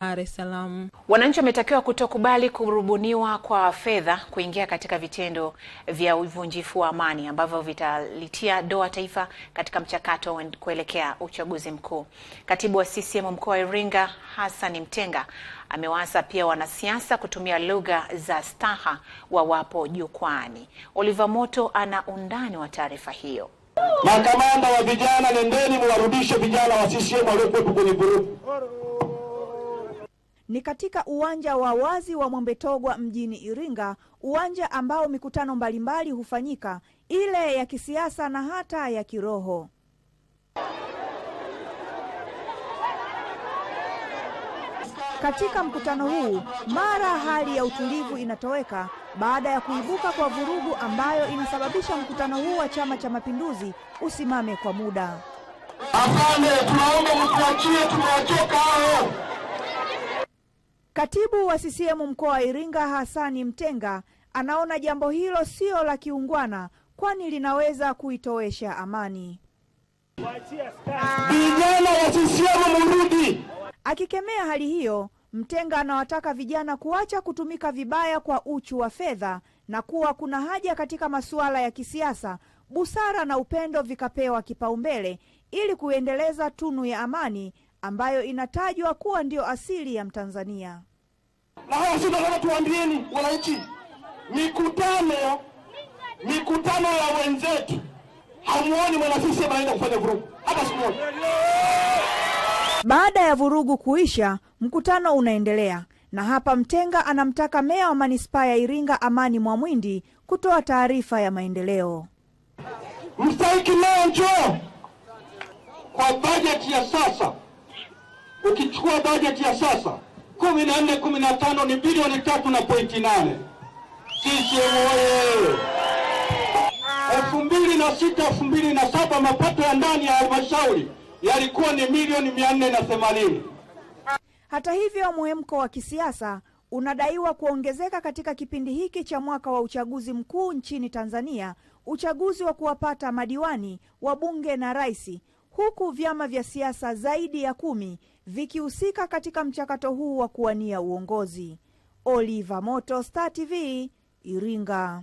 Dar es Salaam. Wananchi wametakiwa kutokubali kurubuniwa kwa fedha kuingia katika vitendo vya uvunjifu wa amani ambavyo vitalitia doa taifa katika mchakato wa kuelekea uchaguzi mkuu. Katibu wa CCM mkoa wa Iringa, Hassan Mtenga, amewaasa pia wanasiasa kutumia lugha za staha wawapo jukwani. Oliver Moto ana undani wa taarifa hiyo. Makamanda wa vijana, nendeni mwarudishe vijana wa CCM waliokuwepo kwenye vurugu ni katika uwanja wa wazi wa Mwembetogwa mjini Iringa, uwanja ambao mikutano mbalimbali hufanyika, ile ya kisiasa na hata ya kiroho. Katika mkutano huu mara hali ya utulivu inatoweka baada ya kuibuka kwa vurugu ambayo inasababisha mkutano huu wa Chama cha Mapinduzi usimame kwa muda. hapane tunaomba mtuachie, tumewachoka hao Katibu wa CCM mkoa wa Iringa hasani Mtenga anaona jambo hilo sio la kiungwana, kwani linaweza kuitowesha amani. Vijana wa CCM murudi. Akikemea hali hiyo, Mtenga anawataka vijana kuacha kutumika vibaya kwa uchu wa fedha na kuwa kuna haja katika masuala ya kisiasa, busara na upendo vikapewa kipaumbele ili kuendeleza tunu ya amani ambayo inatajwa kuwa ndiyo asili ya Mtanzania. Na haya sio, lazima tuambieni wananchi, mikutano mikutano ya wenzetu, hamuoni mwanasisi anaenda kufanya vurugu hata siku moja. Baada ya vurugu kuisha, mkutano unaendelea na hapa Mtenga anamtaka meya wa manispaa ya Iringa Amani Mwamwindi kutoa taarifa ya maendeleo. Mstahiki meya, njoo kwa bajeti ya sasa Ukichukua bajeti ya sasa kumi na nne kumi na tano ni bilioni tatu na pointi nane. CCM oye! elfu mbili na sita elfu mbili na saba mapato ya ndani ya halmashauri yalikuwa ni milioni mia nne na themanini. Hata hivyo mwemko wa kisiasa unadaiwa kuongezeka katika kipindi hiki cha mwaka wa uchaguzi mkuu nchini Tanzania, uchaguzi wa kuwapata madiwani, wabunge na rais huku vyama vya siasa zaidi ya kumi vikihusika katika mchakato huu wa kuwania uongozi. Oliver Moto, Star TV, Iringa.